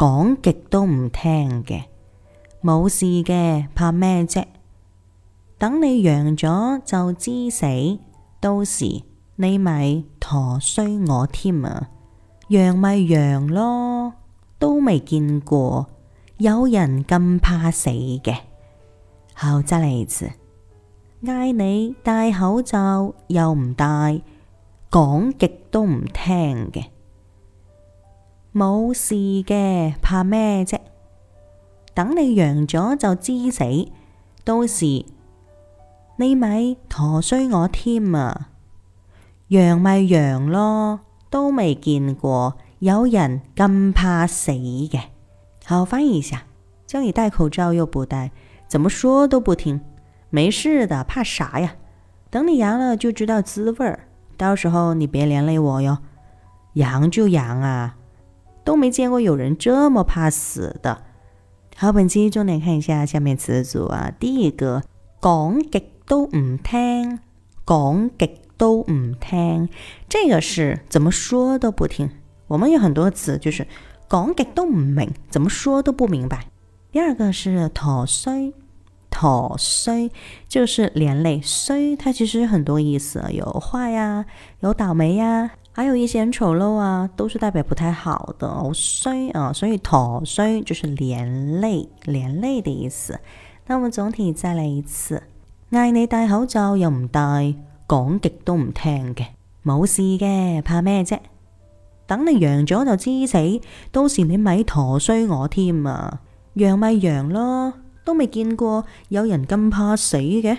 講極都唔聽嘅，冇事嘅，怕咩啫？等你陽咗就知死，到時你咪佗衰我添啊！陽咪陽咯，都未見過有人咁怕死嘅。好，真嚟自嗌你戴口罩又唔戴，講極都唔聽嘅。冇事嘅，怕咩啫？等你陽咗就知死，到時你咪佗衰我添啊！陽咪陽咯，都未見過有人咁怕死嘅。好，翻譯一下：叫你戴口罩又不戴，怎麼說都不聽，沒事的，怕啥呀？等你陽了就知道滋味，到時候你別連累我喲。陽就陽啊！都沒見過有人這麼怕死的。好，本期重點看一下下面詞組啊。第一個，講極都唔聽，講極都唔聽，這個是怎麼說都不聽。我們有很多詞就是講極都唔明，怎麼說都不明白。第二個是佗衰，佗衰就是連累衰，它其實很多意思，有壞呀、啊，有倒霉呀、啊。還有一些醜陋啊，都是代表不太好的好衰啊，所以陀衰就是連累連累的意思。那我總體再嚟一次，嗌你戴口罩又唔戴，講極都唔聽嘅，冇事嘅，怕咩啫？等你陽咗就知死，到時你咪陀衰我添啊！陽咪陽咯，都未見過有人咁怕死嘅。